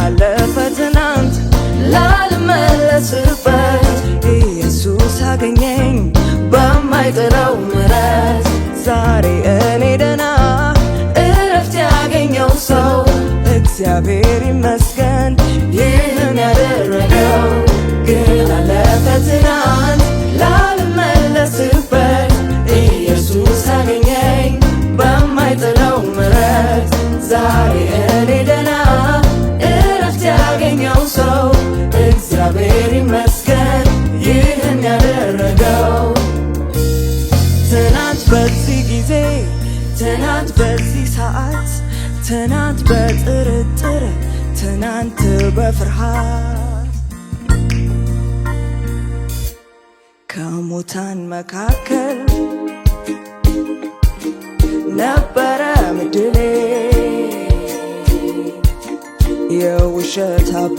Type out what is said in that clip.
አለፈ ትናንት ላልመለስበት ኢየሱስ አገኘኝ በማይጥለው ምሕረት ዛሬ እኔ ደና እረፍት ያገኘው ሰው እግዚአብሔር ይመስገን ይህን ያደረገው። ግን አለፈ ትናንት ላልመለስበት ኢየሱስ አገኘኝ በማይጥለው ምሕረት ዛሬ ሰው እግዚአብሔር ይመስገን ይህን ያደረገው። ትናንት በዚህ ጊዜ፣ ትናንት በዚህ ሰዓት፣ ትናንት በጥርጥር፣ ትናንት በፍርሃት ከሙታን መካከል ነበረ ምድሌ የውሸት አባ